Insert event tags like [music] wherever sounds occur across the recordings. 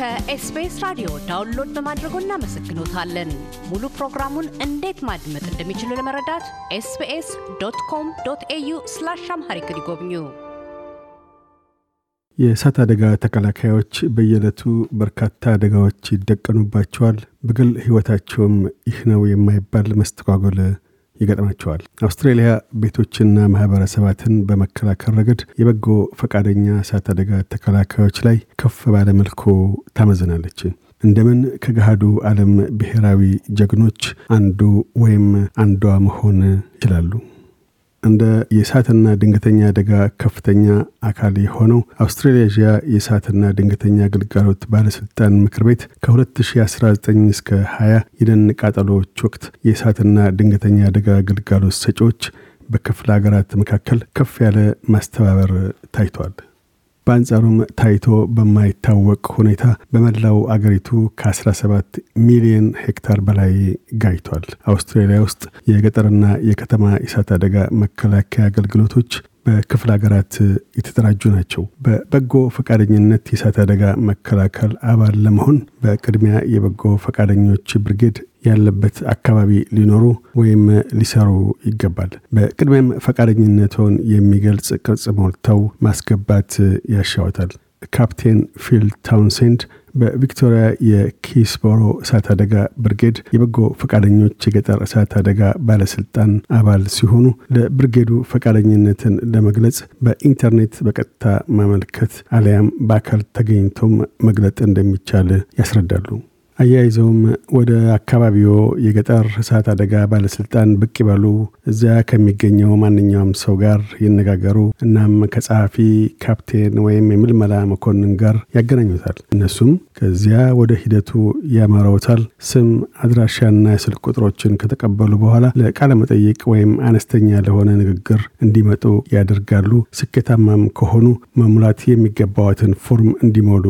ከኤስቢኤስ ራዲዮ ዳውንሎድ በማድረጎ እናመሰግኖታለን። ሙሉ ፕሮግራሙን እንዴት ማድመጥ እንደሚችሉ ለመረዳት ኤስቢኤስ ዶት ኮም ዶት ኤዩ ስላሽ አምሃሪክ ይጎብኙ። የእሳት አደጋ ተከላካዮች በየዕለቱ በርካታ አደጋዎች ይደቀኑባቸዋል። በግል ህይወታቸውም ይህ ነው የማይባል መስተጓጎል ይገጥማቸዋል። አውስትራሊያ ቤቶችና ማህበረሰባትን በመከላከል ረገድ የበጎ ፈቃደኛ እሳት አደጋ ተከላካዮች ላይ ከፍ ባለ መልኩ ታመዝናለች። እንደምን ከገሃዱ ዓለም ብሔራዊ ጀግኖች አንዱ ወይም አንዷ መሆን ይችላሉ? እንደ የእሳትና ድንገተኛ አደጋ ከፍተኛ አካል የሆነው አውስትራሌዥያ የእሳትና ድንገተኛ አገልጋሎት ባለስልጣን ምክር ቤት ከ2019 እስከ 20 የደን ቃጠሎዎች ወቅት የእሳትና ድንገተኛ አደጋ አገልጋሎት ሰጪዎች በክፍለ ሀገራት መካከል ከፍ ያለ ማስተባበር ታይቷል። በአንጻሩም ታይቶ በማይታወቅ ሁኔታ በመላው አገሪቱ ከ17 ሚሊዮን ሄክታር በላይ ጋይቷል። አውስትራሊያ ውስጥ የገጠርና የከተማ የእሳት አደጋ መከላከያ አገልግሎቶች በክፍለ ሀገራት የተደራጁ ናቸው። በበጎ ፈቃደኝነት የእሳት አደጋ መከላከል አባል ለመሆን በቅድሚያ የበጎ ፈቃደኞች ብርጌድ ያለበት አካባቢ ሊኖሩ ወይም ሊሰሩ ይገባል። በቅድሚያም ፈቃደኝነትን የሚገልጽ ቅርጽ ሞልተው ማስገባት ያሻወታል። ካፕቴን ፊል ታውንሴንድ በቪክቶሪያ የኪስቦሮ እሳት አደጋ ብርጌድ የበጎ ፈቃደኞች የገጠር እሳት አደጋ ባለስልጣን አባል ሲሆኑ ለብርጌዱ ፈቃደኝነትን ለመግለጽ በኢንተርኔት በቀጥታ ማመልከት አሊያም በአካል ተገኝቶም መግለጥ እንደሚቻል ያስረዳሉ። አያይዘውም ወደ አካባቢው የገጠር እሳት አደጋ ባለስልጣን ብቅ ይበሉ፣ እዚያ ከሚገኘው ማንኛውም ሰው ጋር ይነጋገሩ፣ እናም ከጸሐፊ ካፕቴን ወይም የምልመላ መኮንን ጋር ያገናኙታል። እነሱም ከዚያ ወደ ሂደቱ ያመራውታል። ስም አድራሻና የስልክ ቁጥሮችን ከተቀበሉ በኋላ ለቃለ መጠይቅ ወይም አነስተኛ ለሆነ ንግግር እንዲመጡ ያደርጋሉ። ስኬታማም ከሆኑ መሙላት የሚገባዎትን ፎርም እንዲሞሉ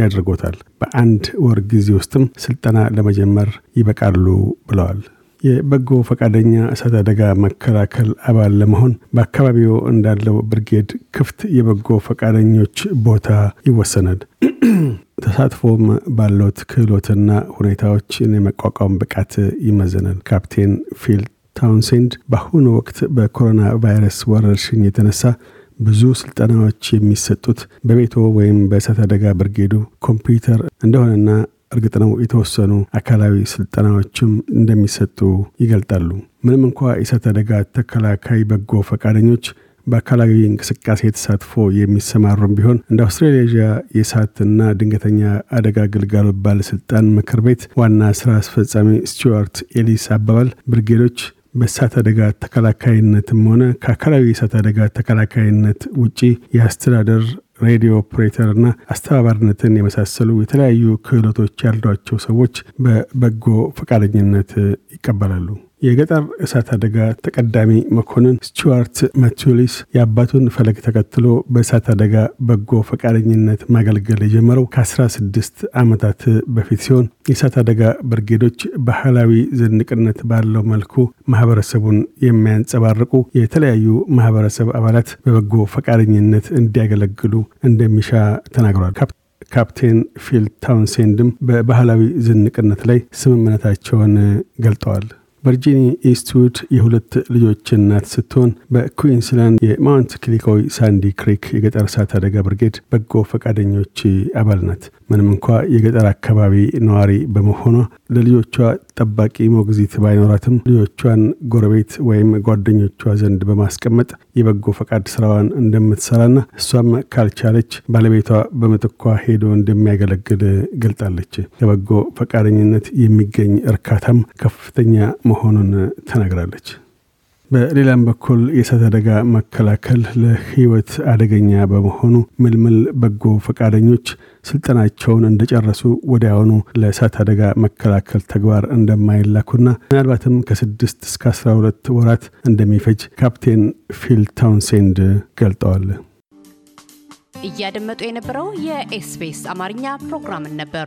ያደርጎታል። በአንድ ወር ጊዜ ውስጥም ስልጠና ለመጀመር ይበቃሉ ብለዋል። የበጎ ፈቃደኛ እሳት አደጋ መከላከል አባል ለመሆን በአካባቢው እንዳለው ብርጌድ ክፍት የበጎ ፈቃደኞች ቦታ ይወሰናል። [clears throat] ተሳትፎም ባለውት ክህሎትና ሁኔታዎችን የመቋቋም ብቃት ይመዘናል። ካፕቴን ፊል ታውንሴንድ በአሁኑ ወቅት በኮሮና ቫይረስ ወረርሽኝ የተነሳ ብዙ ስልጠናዎች የሚሰጡት በቤቶ ወይም በእሳት አደጋ ብርጌዱ ኮምፒውተር እንደሆነና እርግጥ ነው የተወሰኑ አካላዊ ስልጠናዎችም እንደሚሰጡ ይገልጣሉ። ምንም እንኳ የእሳት አደጋ ተከላካይ በጎ ፈቃደኞች በአካላዊ እንቅስቃሴ ተሳትፎ የሚሰማሩም ቢሆን እንደ አውስትራሌዥያ የእሳትና ድንገተኛ አደጋ ግልጋሎት ባለሥልጣን ምክር ቤት ዋና ስራ አስፈጻሚ ስቲዋርት ኤሊስ አባባል ብርጌዶች በእሳት አደጋ ተከላካይነትም ሆነ ከአካላዊ የእሳት አደጋ ተከላካይነት ውጪ የአስተዳደር ሬዲዮ እና አስተባባሪነትን የመሳሰሉ የተለያዩ ክህሎቶች ያሏቸው ሰዎች በበጎ ፈቃደኝነት ይቀበላሉ። የገጠር እሳት አደጋ ተቀዳሚ መኮንን ስቲዋርት ማቲሊስ የአባቱን ፈለግ ተከትሎ በእሳት አደጋ በጎ ፈቃደኝነት ማገልገል የጀመረው ከ16 ዓመታት በፊት ሲሆን የእሳት አደጋ ብርጌዶች ባህላዊ ዝንቅነት ባለው መልኩ ማህበረሰቡን የሚያንጸባርቁ የተለያዩ ማህበረሰብ አባላት በበጎ ፈቃደኝነት እንዲያገለግሉ እንደሚሻ ተናግሯል። ካፕቴን ፊል ታውንሴንድም በባህላዊ ዝንቅነት ላይ ስምምነታቸውን ገልጠዋል። ቨርጂኒ ኢስትውድ የሁለት ልጆች እናት ስትሆን በኩዊንስላንድ የማውንት ክሊኮይ ሳንዲ ክሪክ የገጠር እሳት አደጋ ብርጌድ በጎ ፈቃደኞች አባል ናት። ምንም እንኳ የገጠር አካባቢ ነዋሪ በመሆኗ ለልጆቿ ጠባቂ ሞግዚት ባይኖራትም ልጆቿን ጎረቤት ወይም ጓደኞቿ ዘንድ በማስቀመጥ የበጎ ፈቃድ ስራዋን እንደምትሰራና እሷም ካልቻለች ባለቤቷ በምትኳ ሄዶ እንደሚያገለግል ገልጣለች። ከበጎ ፈቃደኝነት የሚገኝ እርካታም ከፍተኛ መሆኑን ተናግራለች። በሌላም በኩል የእሳት አደጋ መከላከል ለህይወት አደገኛ በመሆኑ ምልምል በጎ ፈቃደኞች ስልጠናቸውን እንደጨረሱ ወዲያውኑ ለእሳት አደጋ መከላከል ተግባር እንደማይላኩና ምናልባትም ከስድስት እስከ አስራ ሁለት ወራት እንደሚፈጅ ካፕቴን ፊል ታውንሴንድ ገልጠዋል። እያደመጡ የነበረው የኤስፔስ አማርኛ ፕሮግራምን ነበር።